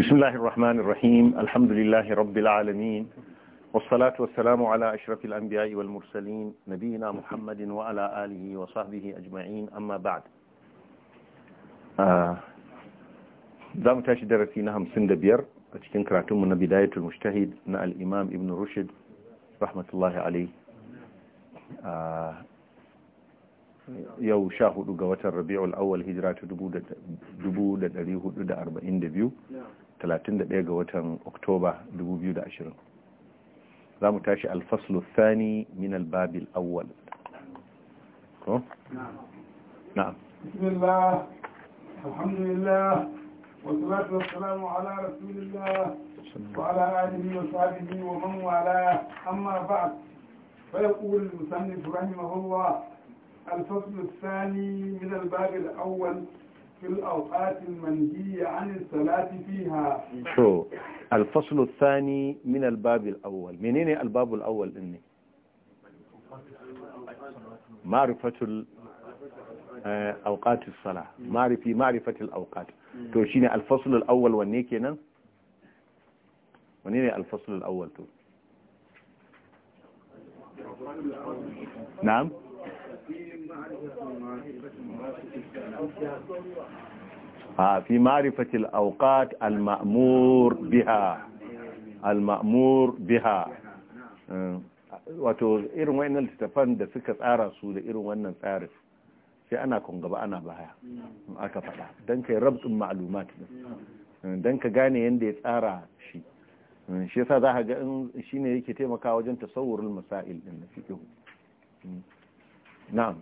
بسم الله الرحمن الرحيم الحمد لله رب العالمين والصلاة والسلام على أشرف الأنبياء والمرسلين نبينا محمد وعلى آله وصحبه أجمعين أما بعد دام آه، تاشي درسينا هم سند بير أتكين من بداية المجتهد نا الإمام ابن رشد رحمة الله عليه آه، يو شاهد قوة الربيع الأول هجرات دبودة دبودة دبودة أربعين دبيو نعم 31 ga watan oktoba 2020 za mu tashi alfaslu thani min albabil awwal ko na'am bismillah alhamdulillah ala rasulillah wa ala alihi wa sahbihi wa man wala amma ba'd الفصل الثاني من الباب الأول في الأوقات المنهية عن الصلاة فيها شو الفصل الثاني من الباب الأول منين الباب الأول إني معرفة أوقات الصلاة معرفة معرفة الأوقات تو شيني الفصل الأول وني كنا وني الفصل الأول تو نعم ha fi marifatil auqat al-ma'mur biha al-ma'mur biha wato irin wayannan littafan da suka tsara su da irin wannan tsarin sai ana kun gaba ana baya aka faɗa don kai rabtsin ma'alumat don ka gane yadda ya tsara shi shi yasa za ka ga shi ne yake taimaka wajen tasawurul masail din na fiƙihu na'am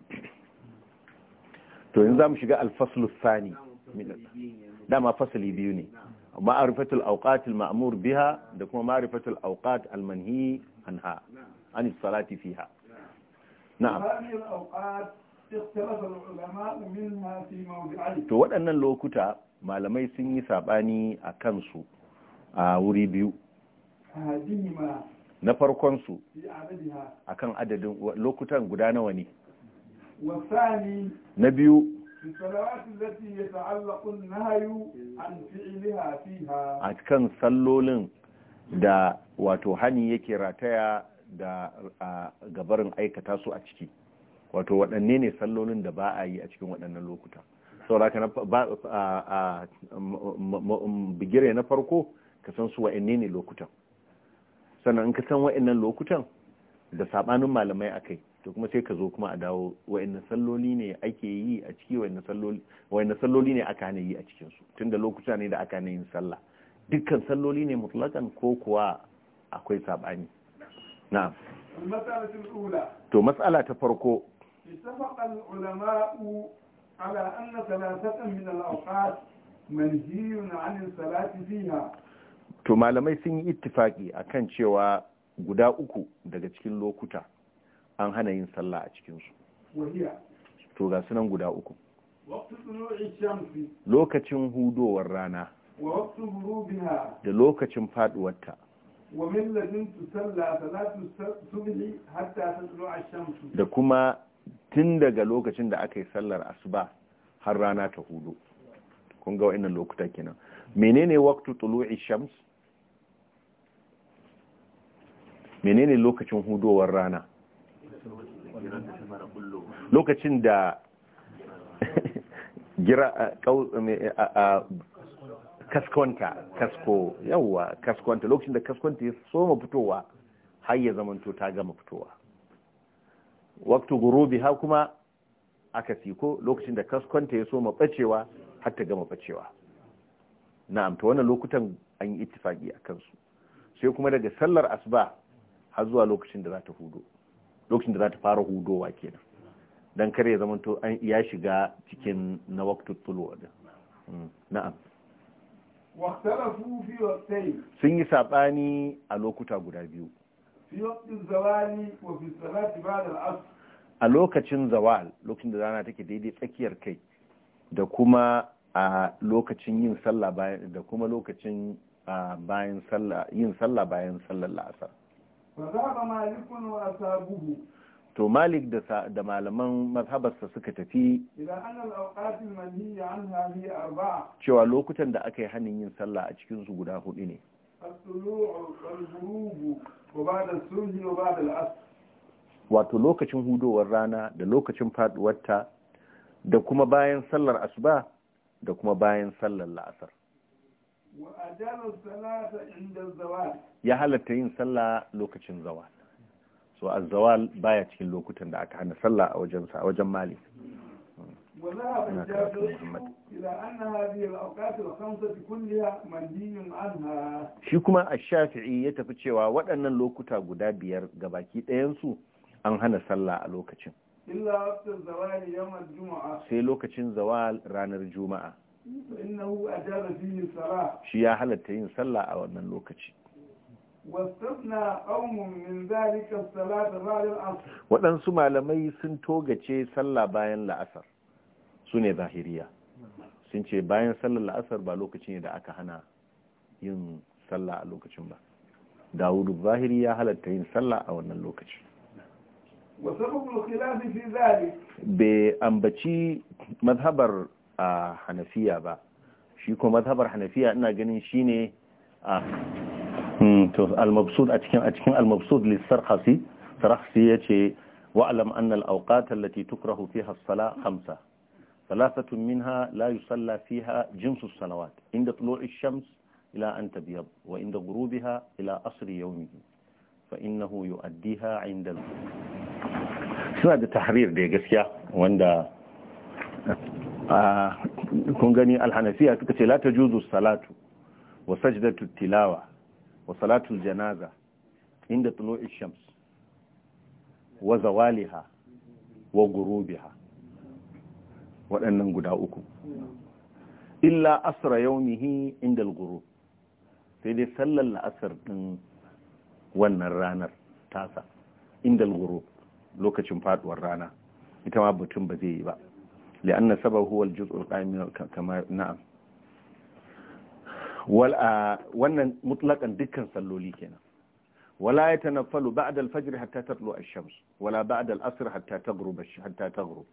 to zamu shiga al-faslu dama fasali biyu ne ma'arifatul awqatil ma'mur biha da kuma ma'arifatul awqat al-manhi anha anis salati fiha na'am to waɗannan lokuta malamai sun yi saɓani a kansu a wuri biyu na farkon su akan adadin lokutan guda nawa ne na biyu a kan sallolin da wato hani yake rataya da gabarin aikata su a ciki wato waɗanne ne sallolin da ba a yi a cikin waɗannan lokuta sauraka na bigire na farko ka san su waɗanne ne lokutan sannan in ka san waɗannan lokutan da saɓanin malamai a kai to kuma sai ka zo kuma a dawo wa'annan salloli ne ake yi a ciki wa'annan salloli wa'annan salloli ne aka hana yi a cikin su tunda lokuta ne da aka hana yin sallah dukkan salloli ne mutlakan ko kuwa akwai sabani na'am to mas'ala ta farko ittafaqa ulamau ala anna thalathatan min al-awqat manhiyun 'an salati fiha to malamai sun yi ittifaki akan cewa guda uku daga cikin lokuta an hana yin sallah a cikinsu to ga sunan guda uku lokacin hudowar rana da lokacin faduwarta da kuma tun daga lokacin da aka yi sallar asuba har rana ta hudu kun ga wa'annan lokuta kenan menene waktu tulu'i shams menene lokacin hudowar rana lokacin da gira kaskonta kasko yawwa kaskonta lokacin da kaskonta ya soma fitowa har ya zamanto ta gama fitowa waktu gurubi ha kuma aka siko lokacin da kaskonta ya soma bacewa har ta gama bacewa na'am to wannan lokutan an yi ittifaki a kansu sai kuma daga sallar asuba har zuwa lokacin da za ta hudu lokacin da za ta fara hudowa kenan don kare ya zamanto an ya shiga cikin na tuluwa da mm, na'am sun yi saɓani a lokuta guda biyu a lokacin zawal lokacin da rana take daidai tsakiyar kai da kuma a lokacin yin sallah bayan da kuma bayan sallah sallah bayan sallar la'asar to malik da malaman mazhabarsa suka tafi cewa lokutan da aka yi hannun yin sallah a cikinsu guda hudu ne wato lokacin hudowar rana da lokacin faduwarta da kuma bayan sallar asuba da kuma bayan sallar la'asar ya halatta yin sallah lokacin zawal so a Zawal baya cikin lokutan da aka hana sallah a wajen sa wajen malik shi kuma a shafi'i ya tafi cewa waɗannan lokuta guda biyar ga baki ɗayansu an hana sallah a lokacin sai lokacin zawal ranar juma'a shi ya halatta yin sallah a wannan lokaci waɗansu malamai sun togace sallah bayan la'asar su ne zahiriya sun ce bayan sallar la'asar ba lokaci ne da aka hana yin sallah a lokacin ba dawudu zahiri ya halatta yin sallah a wannan lokaci bai ambaci mazhabar a hanafiya ba shi kuma mazhabar hanafiya ina ganin shine a hmm, al-mabsud a cikin a cikin al-mabsud lis-sarhasi sarhasi yace wa alam anna al lati allati tukrahu fiha as-salah khamsa thalathatu minha la fi ha jinsu salawat inda tulu' shams ila an tabyad wa inda gurubi ha ila asri yawmihi fa innahu yu'addiha 'inda al-ghurub suna da tahrir da gaskiya wanda kun gani alhanasiya suka ce lata juzu salatu wa sajdatu tilawa wa salatu janaza inda tulu'i shams wa zawaliha wa gurubiha waɗannan guda uku illa asra yaumihi inda al sai dai sallar la'asar ɗin wannan ranar tasa inda al lokacin faɗuwar rana ita ma batun ba zai yi ba لأن سبب هو الجزء القائم من كما نعم ولا وان مطلقا دكان صلولي كنا ولا يتنفل بعد الفجر حتى تطلع الشمس ولا بعد الأسر حتى تغرب حتى تغرب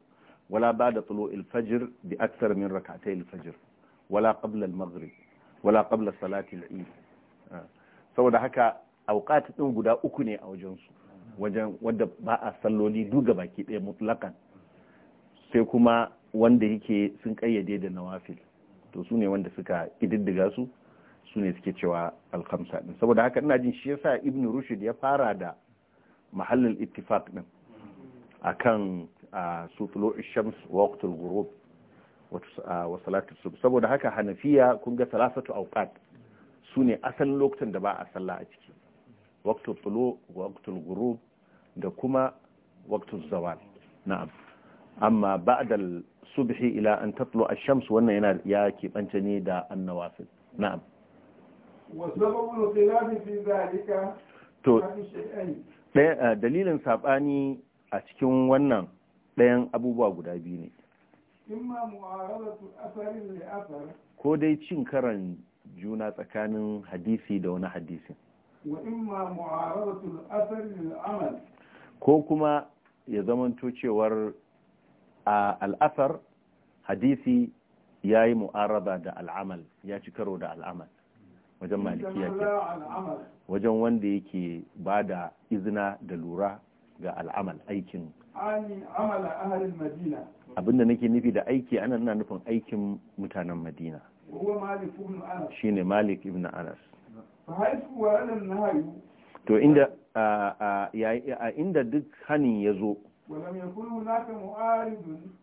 ولا بعد طلوع الفجر بأكثر من ركعتي الفجر ولا قبل المغرب ولا قبل صلاة العيد آه. سو ده هكا اوقات دو غدا uku ne a ودا su wajen wanda ba a sai kuma wanda yake sun kayyade da nawafil to su ne wanda suka kididdiga su su ne suke cewa alkhamsa din saboda haka ina jin shi yasa ibn rushd ya fara da mahallin ittifaq din akan su tulu shams waqtul ghurub wa salatu subh saboda haka hanafiya kun ga salasatu awqat su ne asalin lokutan da ba a sallah a ciki waqtul tulu waqtul ghurub da kuma waqtul zawal na'am amma ba'dal subhi ila an tatlu ash-shams wannan yana ya kibanta ne da annawafil na'am wa sababul khilaf fi zalika to eh, dalilin sabani a cikin wannan ɗayan abubuwa guda biyu ne ko dai cin karan juna tsakanin hadisi da wani hadisin ko kuma ya zamanto cewar a al'asar hadisi ya yi mu'araba da al'amal ya ci karo da al'amal wajen ya ke wajen wanda yake ba da izina da lura ga al'amal aikin abinda nake nufi da aiki ana nuna nufin aikin mutanen madina shi ne malik ibn anas to inda duk hanin ya zo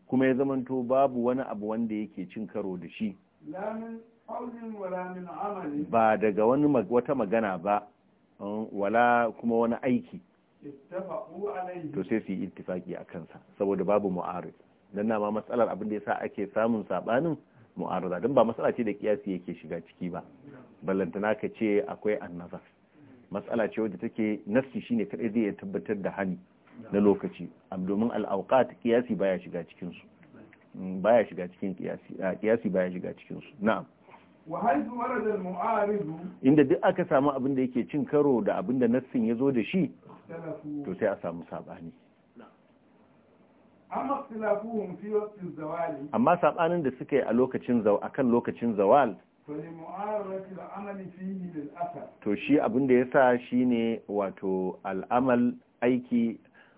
kuma ya zamanto babu wani abu wanda yake cin karo da shi ba daga wani wata magana ba um, wala kuma wani aiki to sai su yi ittifaki a kansa saboda babu mu'arid don na ma matsalar abin da yasa ake samun sabanin mu'arada don ba matsala ce da kiyasi yake shiga ciki ba ballantana ka ce akwai annazar matsala ce wadda take nafsi shine kadai zai tabbatar da hani na lokaci domin al'auqat kiyasi mm, baya shiga cikin su baya shiga cikin kiyasi kiyasi baya shiga cikin su na'am wa haythu warada al-mu'arid inda duk aka samu abin da yake cin karo da abin da nassin yazo da shi to sai a samu sabani amma sabanin da suka yi a lokacin zaw akan lokacin zawal to shi abin da yasa shine wato al'amal aiki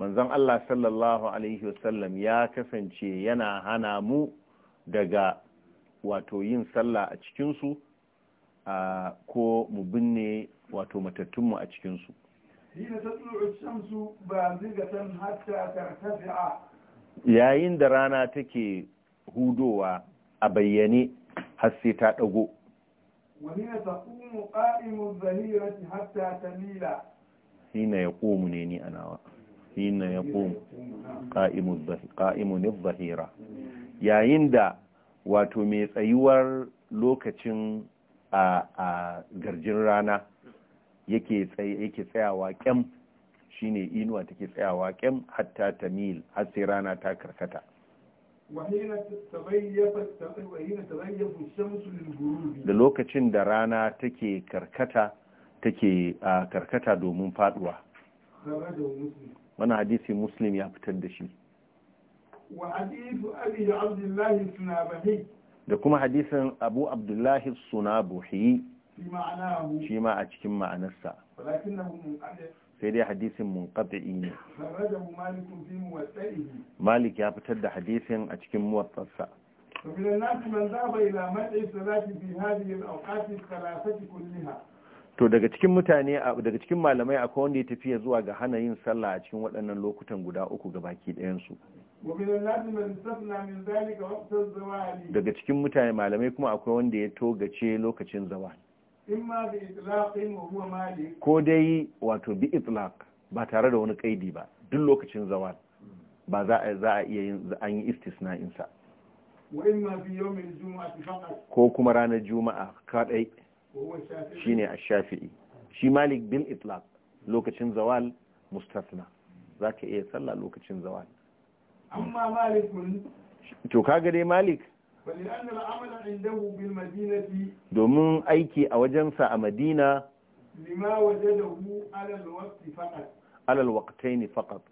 manzon Allah sallallahu alaihi wasallam ya kasance yana hana mu daga wato yin sallah a cikinsu ko mu binne wato matattunmu a cikinsu yayin da rana take hudowa a bayyane har sai ta ɗago hina ya ƙomu ne ni a nawa hina ya ƙum ƙa'imunin zahira yayin da wato mai tsayuwar lokacin a garjin rana yake tsayawa ƙyam shine inuwa take tsayawa ƙyam hatta ta mil har sai rana ta karkata da lokacin da rana take karkata take karkata domin faduwa wani hadisi muslim ya fitar da shi da kuma hadisin abu abdullahi sunabuhi shi ma a cikin ma'anarsa sai dai hadisin munqati'i ne malik ya fitar da hadisin a cikin muwaffasa ومن الناس من ذهب إلى مدعي الصلاة في هذه الأوقات الثلاثة كلها to daga cikin mutane daga cikin malamai akwai wanda ya tafiya zuwa ga hana yin sallah a cikin waɗannan lokutan guda uku ga baki ɗayansu daga cikin mutane malamai kuma akwai wanda ya togace lokacin zawal ko dai wato bi itlaq ba tare da wani kaidi ba duk lokacin zawal ba za a iya yin an yi istisna'insa ko kuma ranar juma'a kaɗai shine a shafii shi malik bil itlaq lokacin zawal mustasna zaka iya sallah lokacin zawal amma malik to kaga dai malik domin aiki a wajensa a madina alal waqtaini faqat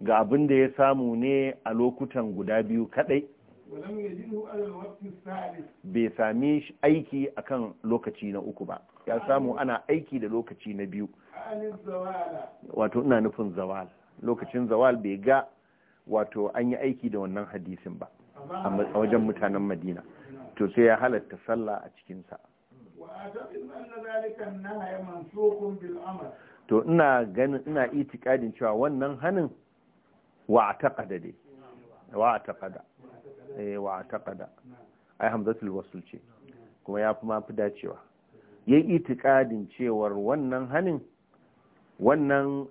ga abin da ya samu ne a lokutan guda biyu kadai bai sami aiki akan lokaci na uku ba ya samu ana aiki da lokaci na biyu wato ina nufin zawal lokacin zawal bai ga wato an yi aiki da wannan hadisin ba a wajen mutanen madina to sai ya halatta sallah a cikinsa to ina ganin ina itikadin cewa wannan hanin wa a taƙada dai wa a taƙada Eh, wa taqada ai hamzatul wasl ce kuma ya fi mafi dacewa Ya yi itikadin cewar wannan hannun, wannan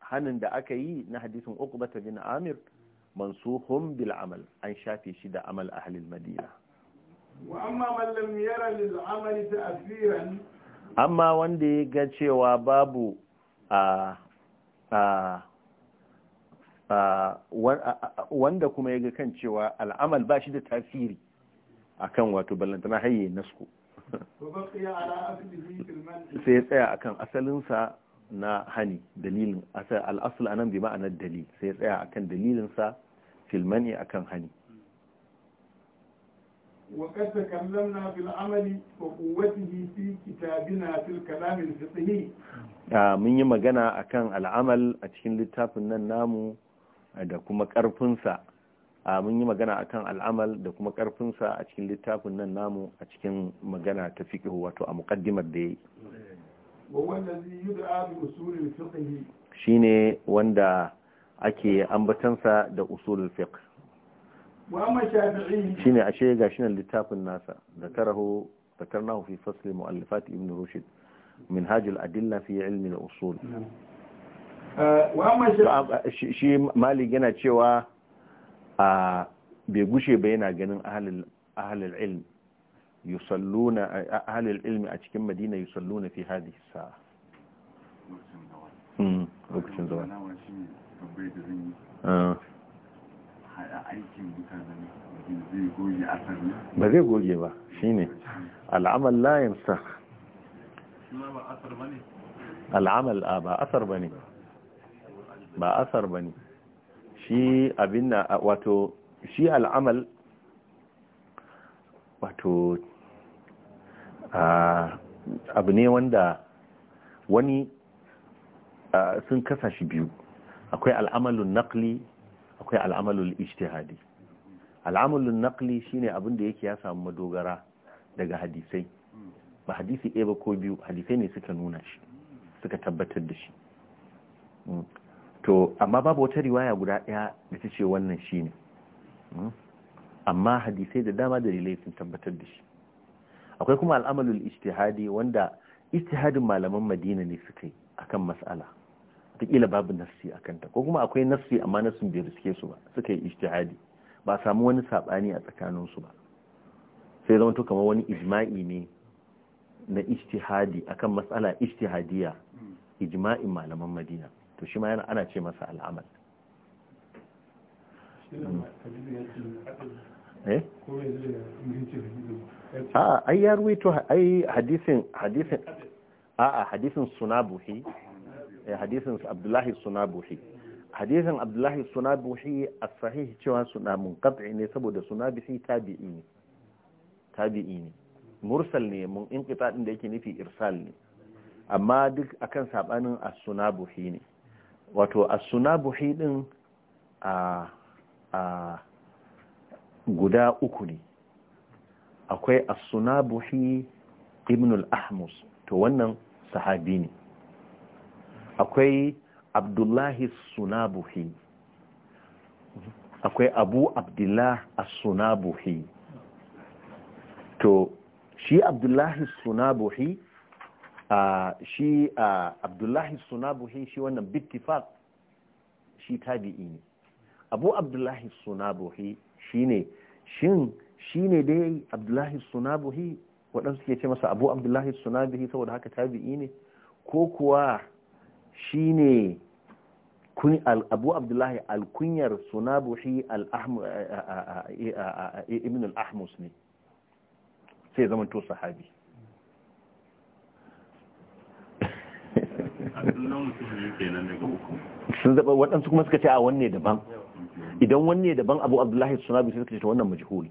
hannun da aka yi na hadisin bata bin amir mansuhun bil amal an shafe shi da amal a halin madina amma wanda ya ga cewa babu a wanda kuma ya ga kan cewa al'amal ba shi da tasiri akan wato ballantana hayye nasko sai ya tsaya akan asalinsa na hani dalilin al'asul anan bi ma'anar dalil sai ya tsaya akan dalilinsa filmani kan hani وقد تكلمنا في العمل وقوته في كتابنا في الكلام الفقهي من يما al'amal أكان العمل أتكين nan النامو da kuma ƙarfinsa a mun yi magana akan al'amal da kuma ƙarfinsa a cikin littafin nan namu a cikin magana ta fiƙihu wato a muƙaddimar da ya yi shi ne wanda ake ambatansa da usulul fiqh shi ne ashe ga shi nan littafin nasa da da fi ذكرناه mu'allifat ibn مؤلفات min hajjul adilla fi ilmi da usul hmm. Eh, shi malik yana cewa a bai gushe ba yana ganin ahalil ilm yusalluna ahalil ilmi a cikin madina yusalluna fi hadhihi sa'a lokacin zawa hmm, ah. ba zai goge ba shi ne. al'amal layin sa al'amal ba asar ba ne. ba asar ba ne shi abin na wato shi al'amal wato abu ne wanda wani sun kasa shi biyu akwai al'amalun naqli akwai al'amalun ijtihadi al'amalun naqli shine abin da yake ya samu madogara daga hadisai ba hadisi ɗaya ba ko biyu hadisai ne suka nuna shi suka tabbatar da shi hmm. to amma babu wata riwaya guda ɗaya da ta ce wannan shi ne hmm? amma hadisai da dama da dalilai sun tabbatar da shi akwai kuma al'amalul istihadi wanda istihadin malaman madina ne suka yi akan mas'ala ƙila babu nafsi a kanta ko kuma akwai nafsi amma nafsin bai riske su ba suka yi istihadi ba samu wani saɓani a tsakaninsu ba sai zama to kamar wani ijma'i ne na istihadi akan mas'ala istihadiya ijma'in malaman madina to shi ma yana ana ce masa al'amal eh a ai ya ruwaito ai hadisin hadisin a'a hadisin sunabuhi eh, hadisin abdullahi sunabuhi hadisin abdullahi sunabuhi a sahih cewa suna munqati ne saboda sunabuhi tabi'i ne tabi'i ne mursal ne mun inqita din da yake nufi irsal ne amma duk akan sabanin as-sunabuhi ne wato Asuna Buhi din a guda uku ne akwai Asuna Buhi ibn al-ahmus to wannan sahabi ne akwai abdullahi Suna Buhi. akwai abu abdullah Asuna Buhi. to shi abdullahi Suna Buhi. shi abdullahi sunabuhi shi wannan bittifak shi tabi'i ne abu abdullahi sunabuhi shi ne shi ne dai abdullahi sunabuhi waɗansu ke ce masa abu abdullahi sunabuhi saboda haka tabi'i ne ko kuwa shi ne abu abdullahi alkunyar sunabuhi ibn al ne sai zama to sahabi sun zaba waɗansu kuma suka ce a wanne daban idan wanne daban abu abdullahi suna bi suka ce ta wannan majihuli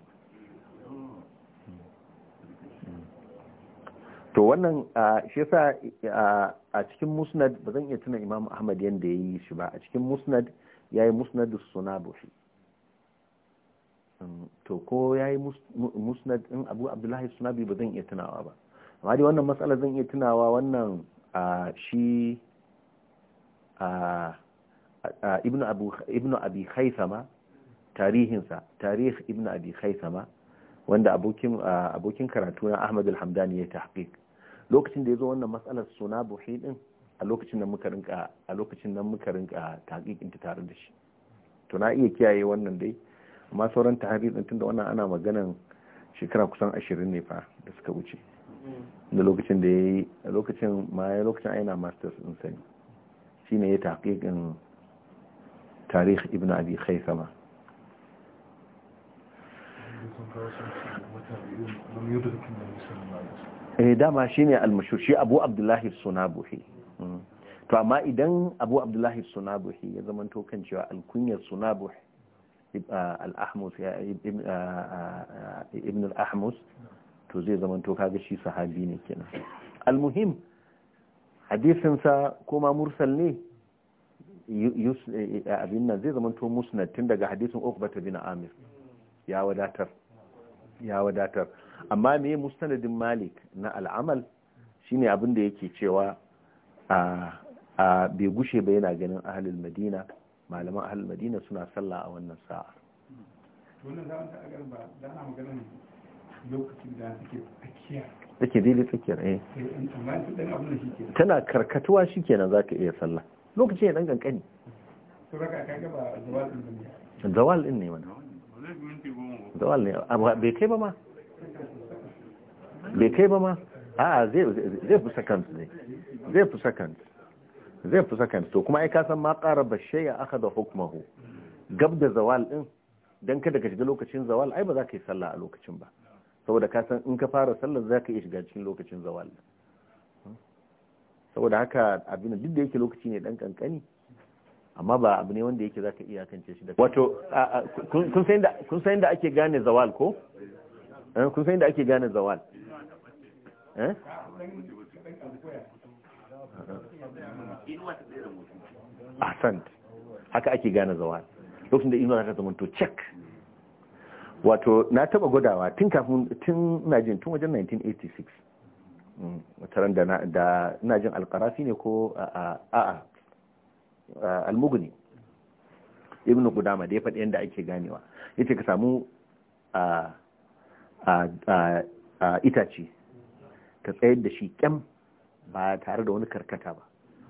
to wannan shi yasa a cikin musnad ba zan iya tuna imam ahmad yadda ya yi shi ba a cikin musnad ya yi musnad suna bufi to ko ya yi musnad in abu abdullahi suna bi ba zan iya tunawa ba amma dai wannan matsala zan iya tunawa wannan shi ibn abi haithama tarihinsa tarih ibn abi haithama wanda abokin karatu na ahmad alhamdani ya tafi lokacin da ya zo wannan matsalar suna buhi din a lokacin nan muka rinka a lokacin nan muka rinka ta tare da shi to na iya kiyaye wannan dai amma sauran tahrir tun da wannan ana maganan shekara kusan ashirin ne fa da suka wuce da lokacin da ya yi lokacin ma ya lokacin aina masters in sani shi ne ya taƙiƙin tarih ibn abi khaisama eh dama shi ne mashhur Abu Abdullahi Sunabuhi mm. to amma idan Abu Abdullahi Sunabuhi ya zama to kan cewa alkunyar suna Sunabuh uh, al-Ahmus uh, uh, ibn al-Ahmus to zai zama to kaga shi sahabi ne kenan almuhim hadisin sa kuma mursal ne eh, eh, abin nan zai zama to musnad tun daga hadisin uqbata bin amir ya wadatar ya wadatar amma me mustanadin malik na al'amal shine abin da yake cewa a a bai gushe ba yana ganin ahlul madina malaman ahlul madina suna sallah a wannan sa'a lokacin da take tsakiya take daidai tsakiyar eh, eh tana karkatuwa shikenan zaka iya sallah lokacin ya dan kankani to raka kaga ba zawal din zawal din ne wannan zawal ne bai kai ba ma bai kai ba ma a zai fi second ne zai fi second zai fi second to kuma ai ka san ma ƙara bashe ya aka da hukumahu gab da zawal din dan kada ka shiga lokacin zawal ai ba za ka yi sallah a lokacin ba saboda ka san in ka fara sallar za ka iya shiga cikin lokacin zawal saboda haka abin duk da yake lokaci ne dan kankani amma ba abu ne wanda yake za ka iya kance shi da wato kun san da ake gane zawal ko eh, kun san da ake gane zawal eh? ahsan haka ake gane zawal lokacin da inuwa ta zama to check wato na taba gudawa tun kafin tun ina jin tun wajen 1986 mm, wataran da da ina jin alqarafi ne ko a a almuguni ibnu gudama da ya faɗi yadda ake ganewa yace ka samu a a itace ka tsayar da shi kyam ba tare da wani karkata ba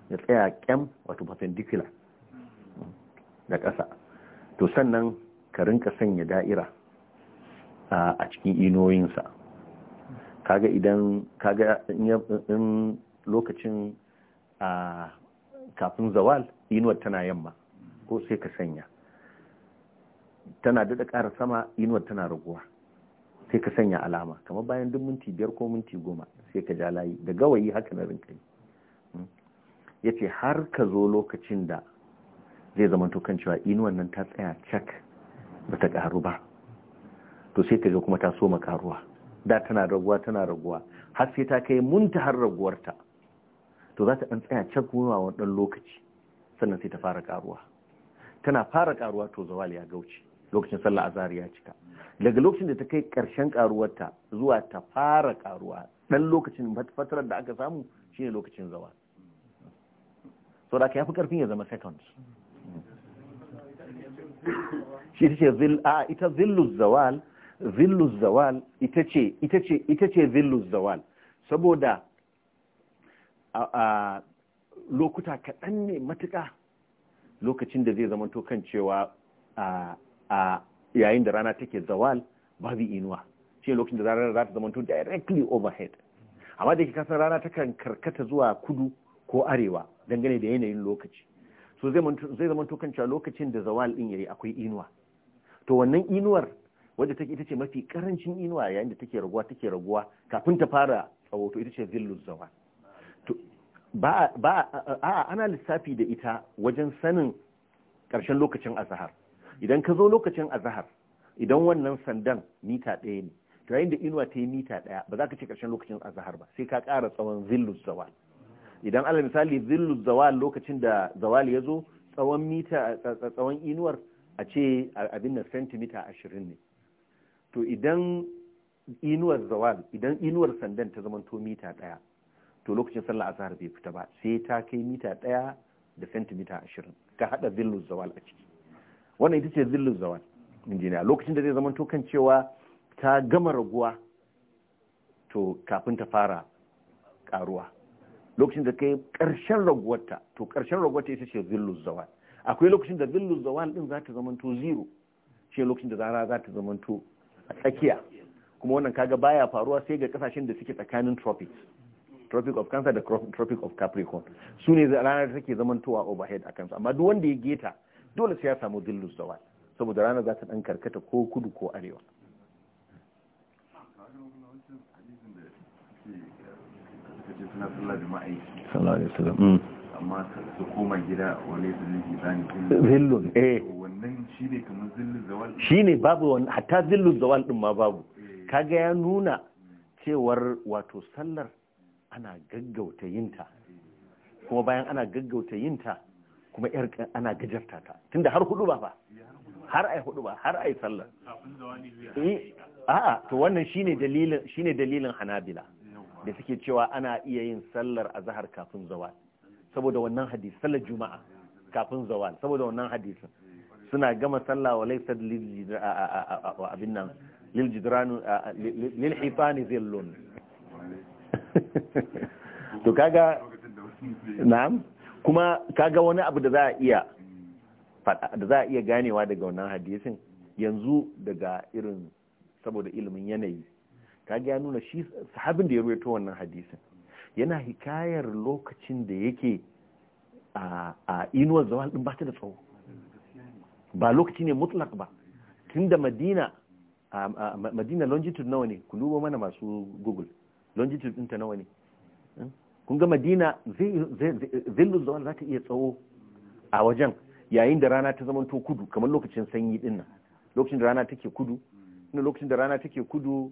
ya tsaya kyam wato perpendicular mm, da ƙasa to sannan ka rinka sanya da'ira a cikin inoyinsa kaga idan kaga in lokacin kafin zawal inuwar tana yamma ko sai ka sanya tana daɗa ƙara sama inuwar tana raguwa sai ka sanya alama kamar bayan duk minti biyar ko minti goma sai ka ja layi da gawayi haka na rinka hmm. ya ce har ka zo lokacin da zai zama kan cewa inuwar nan ta tsaya cak ba ta ƙaru ba to sai kaga kuma ta soma karuwa da tana raguwa tana raguwa har sai ta kai har raguwarta to za ta ɗan tsaya can kuma wa ɗan lokaci sannan sai ta fara karuwa tana fara karuwa to zawal ya gauce lokacin sallah azhar ya cika daga lokacin da ta kai ƙarshen karuwarta zuwa ta fara karuwa ɗan lokacin fatarar da aka samu shine lokacin zawal so da ya fi ƙarfin ya zama second. shi ta ce ita zillu zawal zillus zawal ita ce ita zawal saboda a lokuta kaɗan ne matuƙa lokacin da zai zamanto kan cewa a yayin da rana take zawal babu inuwa ce lokacin da rana za ta zamanto directly overhead amma da ke kasar rana takan karkata zuwa kudu ko arewa dangane da yanayin lokaci so zai zamanto kan cewa lokacin da zawal din yayi akwai inuwa to wannan inuwar wadda take ita ce mafi karancin inuwa yayin da take raguwa take raguwa kafin ta fara tsawo to ita ce zillu zawa to ba ba a ana lissafi da ita wajen sanin karshen lokacin azhar idan ka zo lokacin azhar idan wannan sandan mita ɗaya ne to yayin da inuwa ta yi mita ɗaya ba za ka ce karshen lokacin azhar ba sai ka ƙara tsawon zillu zawa idan alal misali zillu zawa lokacin da zawal ya zo tsawon mita tsawon inuwar a ce abin nan sentimita ashirin ne to idan inuwar zawal idan inuwar sandan ta zama to mita ɗaya to lokacin sallah azhar bai fita ba sai ta kai mita ɗaya da sentimita ashirin ka haɗa zillu zawal a ciki wannan ita ce zillu zawal injiniya lokacin da zai zama to kan cewa ta gama raguwa to kafin ta fara karuwa lokacin da kai ƙarshen raguwarta to ƙarshen raguwarta ita ce zillu zawal akwai lokacin da zillu zawal din za ta zama to zero shi lokacin da zara za ta zama to a tsakiya kuma wannan kaga baya faruwa sai ga kasashen da suke tsakanin tropics tropic of cancer da tropic of capricorn su ne ranar da take zamantowa overhead a kansu amma duk wanda ya geta dole sai ya samu dillus zawal saboda ranar za ta dan karkata ko kudu ko arewa hmm. amma su koma gida wani zillun eh shi ne babu wani hatta zillu zawal din ma babu eh. kaga ya nuna cewar wato sallar ana gaggauta yinta kuma bayan ana gaggauta yinta kuma yar ana gajarta ta tunda har hudu ba fa har ai hudu ba har ai sallar eh, a'a to wannan shine dalilin shine dalilin hanabila da suke cewa ana iya yin sallar azhar kafin zawal saboda wannan hadisi sallar juma'a kafin zawal saboda wannan hadisin suna gama sallah wa laisa abin nan lil lilhifani zillun to kaga na'am kuma kaga wani abu da za a iya da za a iya ganewa daga wannan hadisin yanzu daga irin saboda ilimin yanayi kaga ya nuna shi sahabin da ya ruwaito wannan hadisin yana hikayar lokacin da yake a inuwar zawal din ba ta da tsawo ba lokaci ne mutlak ba tunda madina madina longitude nawa ne ku dubo mana masu google longitude ɗinta nawa ne hmm? kun ga madina zillul zawal za ta iya tsawo a wajen yayin da rana ta zamanto kudu kamar lokacin sanyi din nan lokacin da rana take kudu ina lokacin da rana take kudu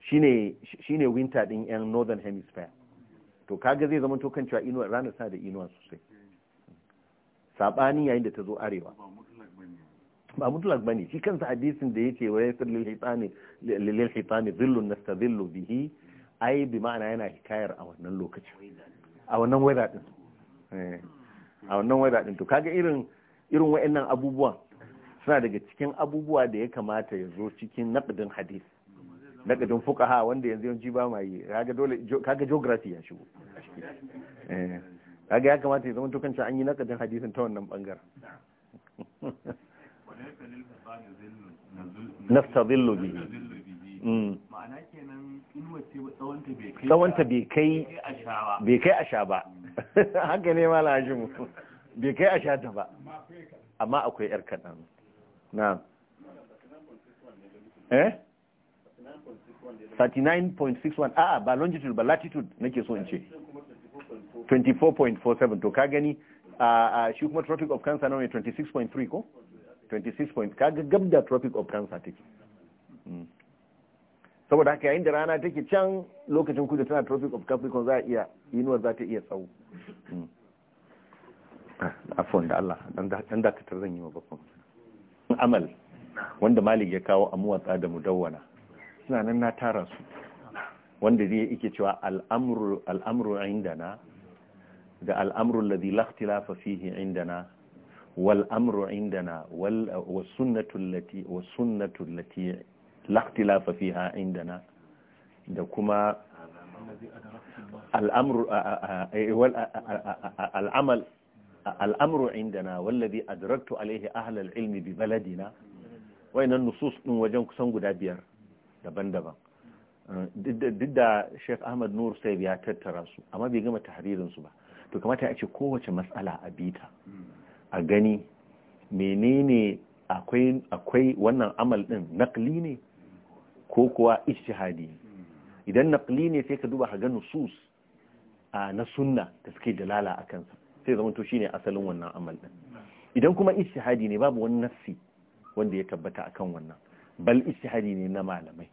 shine shine winter din yan northern hemisphere to kaga zai zamanto kan cewa inuwa rana sa da inuwa sosai hmm. sabani yayin da ta zo arewa ba mutlak bane shi kansa hadisin da yake wa yasir lil hitani lil hitani dhillun nastadhillu bihi ai bi ma'ana yana hikayar a wannan lokacin a wannan waya din eh. a wannan waya din to kaga irin irin wayannan abubuwan suna daga cikin abubuwa da ya kamata ya zo cikin naqdin hadis naqdin fuqaha wanda yanzu yanzu ba ma yi kaga dole kaga geography ya shigo eh. kaga ya kamata ya zama to kanta an yi naqdin hadisin ta wannan bangaren zillu bihi ma'ana kenan inuwa ce tsawonta bai kai bai kai a sha ba haka ne malam hashimu bai kai a sha ta ba amma akwai yar kadan na eh 39.61 a'a ba longitude ba latitude nake so in ce 24.47 to ka gani a shi kuma tropic of cancer na ne 26.3 ko 26 point kaga gab da tropic of cancer take hmm. saboda haka yayin da rana take can lokacin kudu tana tropic of capricorn za a iya inuwar za ta iya tsawo hmm. afon da Allah dan dakatar zan yi wa bakon amal wanda malik ya kawo tsada mu mudawwana suna nan na tara su wanda zai ike cewa al'amru inda na da al'amru lafti la ikhtilafa inda na wal amru indana was sunnatu allati was sunnatu allati la ikhtilafa fiha indana da kuma al'amru al'amal al'amru indana wallazi adraktu alaihi ahlal ilmi bi baladina wayannan nusus din wajen kusan guda biyar daban-daban duk da Sheikh Ahmad Nur sai ya tattara su amma bai gama tahririn su ba to kamata yace ce kowace mas'ala a bita a gani menene akwai akwai wannan amal din naqli ne ko kuwa ishtihadi idan naqli ne sai ka duba ga nusus a na sunna da suke dalala akan sa sai zama to shine asalin wannan amal din idan kuma ishtihadi ne babu wani nassi wanda ya tabbata akan wannan bal ishtihadi ne na malamai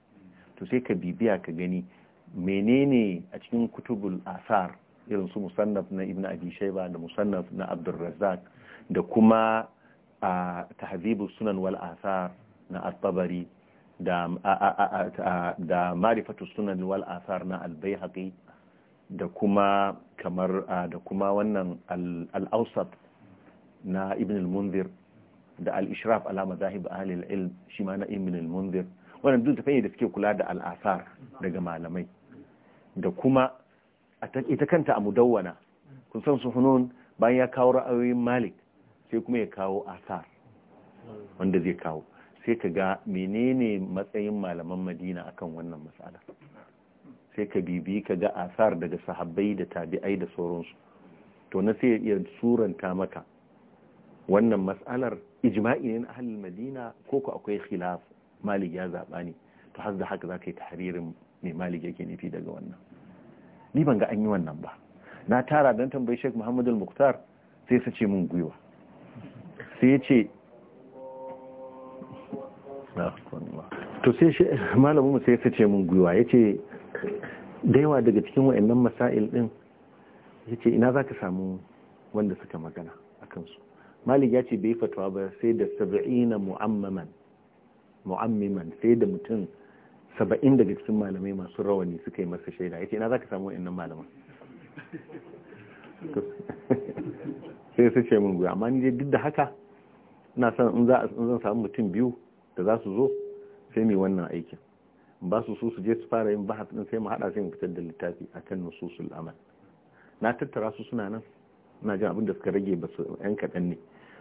to sai ka bibiya ka gani menene a cikin kutubul asar irin su musannaf na ibn abi shayba da musannaf na abdurrazzaq da kuma a tahzibu sunan wal asar na at da da ma'rifatu sunan wal asar na al-baihaqi da kuma kamar da kuma wannan al-awsat na ibn al-munzir da al-ishraf ala madahib ahli al-ilm shi ma na ibn al-munzir wannan duk tafiye da suke kula da al-asar daga malamai da kuma ita kanta a mudawwana kun san suhunun bayan ya kawo ra'ayoyin malik sai kuma ya kawo asar wanda zai kawo sai ka ga menene matsayin malaman madina akan wannan matsala sai ka bibi ka ga asar daga sahabbai da tabi'ai da sauransu to na sai ya suranta maka wannan matsalar ijma'i ne na madina ko ko akwai khilaf malik ya zaba ne to har da haka ka yi tahririn mai malik yake nufi daga wannan ni ban ga an yi wannan ba na tara don tambayi shek Muhammadu al muktar sai sace min gwiwa yi ce to sai shi malamu mu sai ya sace mun gwiwa yace da yawa daga cikin wayannan masail din yace ina zaka samu wanda suka magana a kansu malik ce bai fatuwa ba sai da saba'ina mu'ammaman mu'ammiman sai da mutum saba'in daga cikin malamai masu rawani suka yi masa shaida yace ina zaka samu wayannan malaman sai su ce mun gwiwa amma ni duk da haka ina san in zan samu mutum biyu da za su zo sai yi wannan aikin ba su su je su fara yin bahas din sai mu hada sai mu fitar da littafi akan nususul amal na tattara su suna nan ina jin abin da suka rage ba su yan kaɗan ne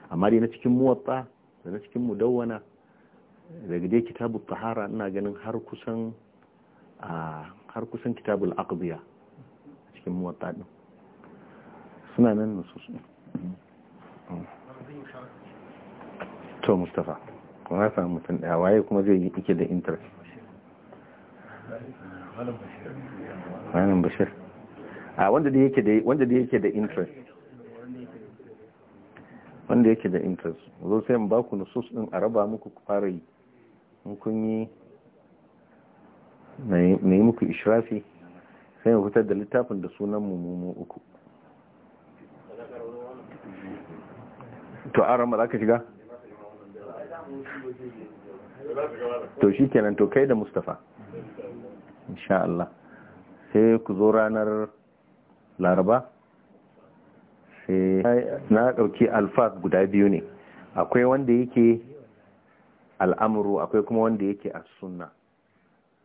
amma dai na cikin muwatta da na cikin mudawwana daga dai kitabul tahara ina ganin har kusan har kusan kitabul aqdiya cikin muwatta din suna nan nususul to mustafa kuma samu mutum daya waye kuma zai yi ike da interest wanda da yake da interest wanda yake da interest zo sai mu baku nusus din a raba muku fara yi in kun yi na yi muku ishrafi sai mu fitar da littafin da sunan mu mu uku to a rama za ka shiga to shi kenan to kai da mustapha insha Allah sai ku zo ranar laraba sai na ɗauki alfaz guda biyu ne akwai wanda yake al'amuru akwai kuma wanda yake as-sunna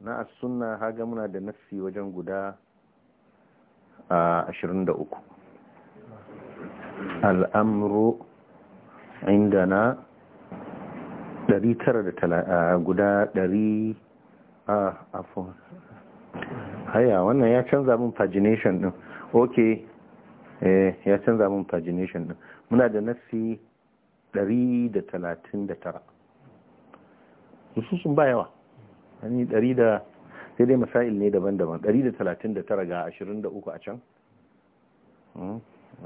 na as-sunna haga muna da nassi wajen guda ashirin da uku al'amuru na. ɗari tara da tala ah, guda ɗari a ah, afon haya wannan ya canza min pagination ɗin ok eh, ya canza min pagination ɗin muna da nassi ɗari da talatin da tara sun ba yawa hani ɗari da sai dai masail ne daban-daban ɗari da talatin da tara ga ashirin da uku a can hmm.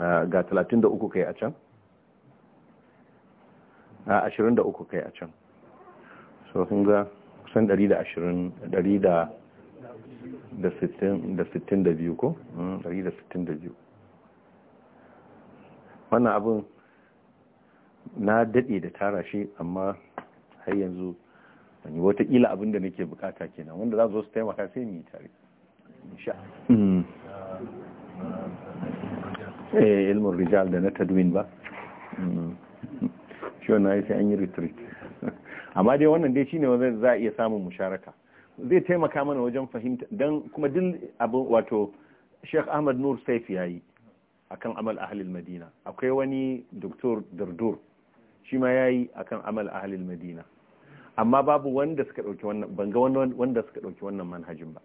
ah, ga talatin da uku kai a can a 23 kai a can so sun ga kusan 162 ko 162 mm, wannan abin na daɗe da tara shi amma har yanzu wani watakila abin da nake bukata kenan wanda za su taimaka sai ni tare insha hmm. eh, ilmin rijal da na tadwin ba hmm. ciwon na sai an yi retreat amma dai wannan dai shine wanda za a iya samun musharaka zai taimaka mana wajen fahimta dan kuma duk abu wato Sheikh Ahmad Nur Saif yayi akan amal ahlil madina akwai wani doktor dardur shi ma yayi akan amal ahlil madina amma babu wanda suka dauki wannan banga wanda suka dauki wannan manhajin ba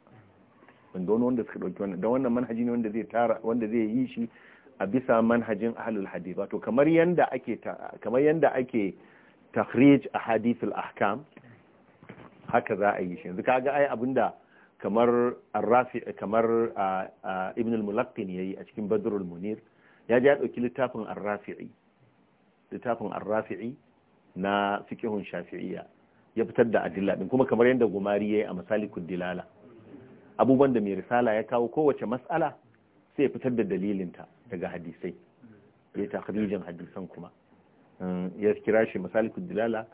banga wanda suka dauki wannan dan wannan manhaji ne wanda zai tara wanda zai yi shi a bisa manhajin ahlul hadith wato kamar yanda ake kamar yanda ake takhrij ahadithul ahkam haka za a yi shi yanzu kaga ai abinda kamar ar-rafi kamar ibn al-mulaqqin yayi a cikin badrul munir ya ji ya dauki littafin arrafi'i littafin arrafi'i na fiqhun shafi'iyya ya fitar da adilla din kuma kamar yanda gumari yayi a masalikud dilala abubuwan da mai risala ya kawo kowace mas'ala sai ya fitar da dalilinta daga hadisai ya takhrijin hadisan kuma mm, ya kira shi masalikud dilala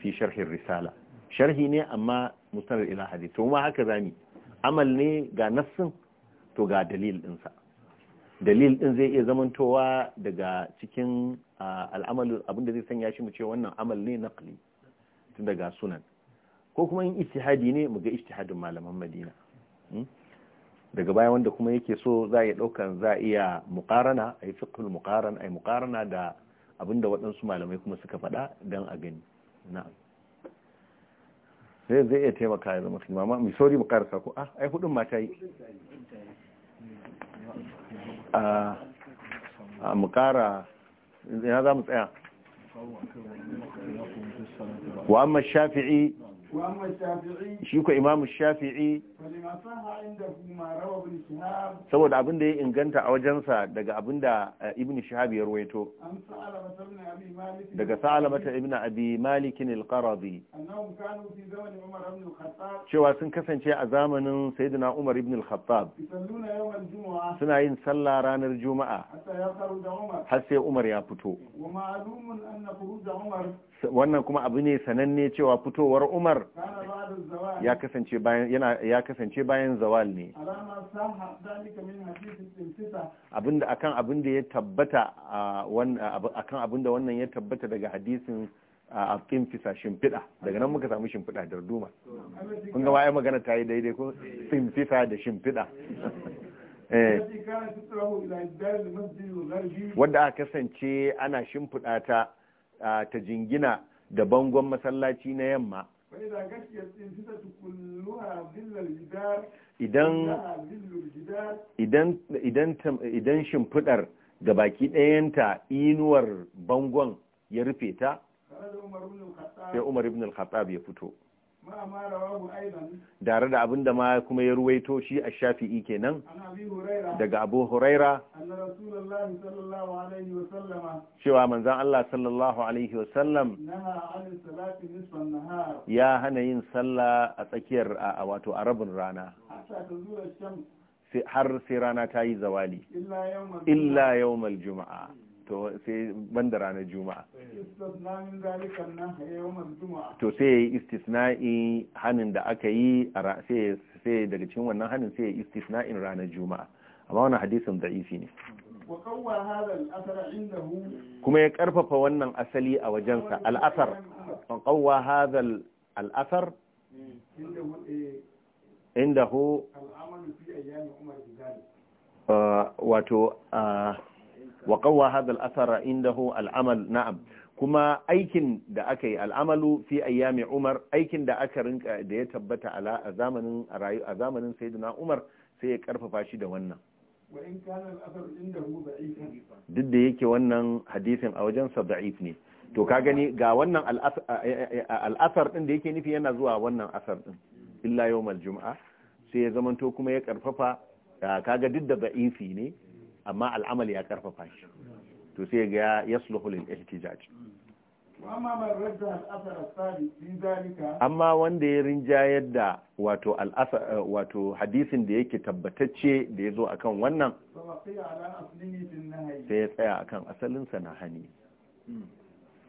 fi sharhin risala sharhi ne amma musnad ila hadis to ma haka zami amal ne ga nassin to ga dalil din sa dalil din zai iya zamantowa daga cikin al'amal abinda zai sanya shi mu ce wannan amal ne naqli tun daga sunan ko kuma in ijtihadi ne mu ga ijtihadin malaman madina mm? daga baya wanda kuma yake so za a ɗaukan za a iya muƙarana a yi fiqhul muƙarana a yi muƙarana da abinda waɗansu malamai kuma suka faɗa don a gani na'am sai zai iya taimaka ya zama imama mai sauri mu karasa ko ah ai hudun mata yi ah, a mu kara ya za mu tsaya wa amma shafi'i shi ko imamu shafi'i saboda abin da ya inganta a wajensa daga abin da eh, ibn shihab ya ruwaito daga sa'alamata ibn abi malikin al cewa sun kasance a zamanin sayyidina umar ibn al-khattab suna yin sallah ranar juma'a har sai umar ya fito wannan kuma abu ne sananne cewa fitowar umar ya kasance bayan yana kasance bayan zawal ne abinda akan abin da ya tabbata akan abin da wannan ya tabbata daga hadisin a fisa shimfiɗa daga nan muka samu shimfiɗa da duma kun gaba ya magana ta yi daidai ko fisa da shimfiɗa eh. wadda aka kasance ana shimfiɗa ta ta jingina da bangon masallaci na yamma idan shimfiɗar ga baki ɗayanta inuwar bangon ya rufe ta sai umar ibn al-khattab ya fito dare da abin da ma kuma ya ruwaito shi a shafi'i kenan daga abu huraira cewa manzan Allah sallallahu alaihi wasallam ya hana yin sallah a tsakiyar a wato a rabin rana har sai rana ta yi zawali illa yawmal juma'a to sai banda ranar juma'a to sai ya yi istisna'i hannun da aka yi sai daga cikin wannan hannun sai ya yi istisna'in ranar juma'a amma wani hadisun da da'ifi ne kuma ya karfafa wannan asali a wajensa al'asar ƙawwa hadal al'asar inda hu wato uh, wa qawwa hadha al-athara indahu al-amal na'am kuma aikin da aka yi al'amalu fi ayyami umar aikin da aka rinka da ya tabbata ala a zamanin rayu a zamanin sayyidina umar sai ya karfafa shi da wannan duk da yake wannan hadisin a wajen sa da'if ne to ka gani ga wannan al'asar din da yake nufi yana zuwa wannan asar din illa yawmal juma'a sai ya zamanto kuma ya karfafa kaga duk da da'ifi ne amma al'amali ya karfafa shi to sai ga ya yasluhu lil ihtijaj amma wanda ya rinjayar da wato wato hadisin da yake tabbatacce da ya zo akan wannan sai ya tsaya akan asalin sa na hani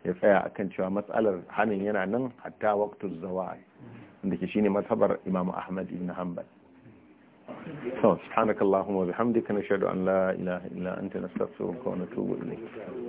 ya tsaya akan cewa matsalar hanin yana nan hatta waqtul zawai inda ke shine mazhabar Imam Ahmad ibn Hanbal سبحانك اللهم وبحمدك نشهد أن لا إله إلا أنت نستغفرك ونتوب إليك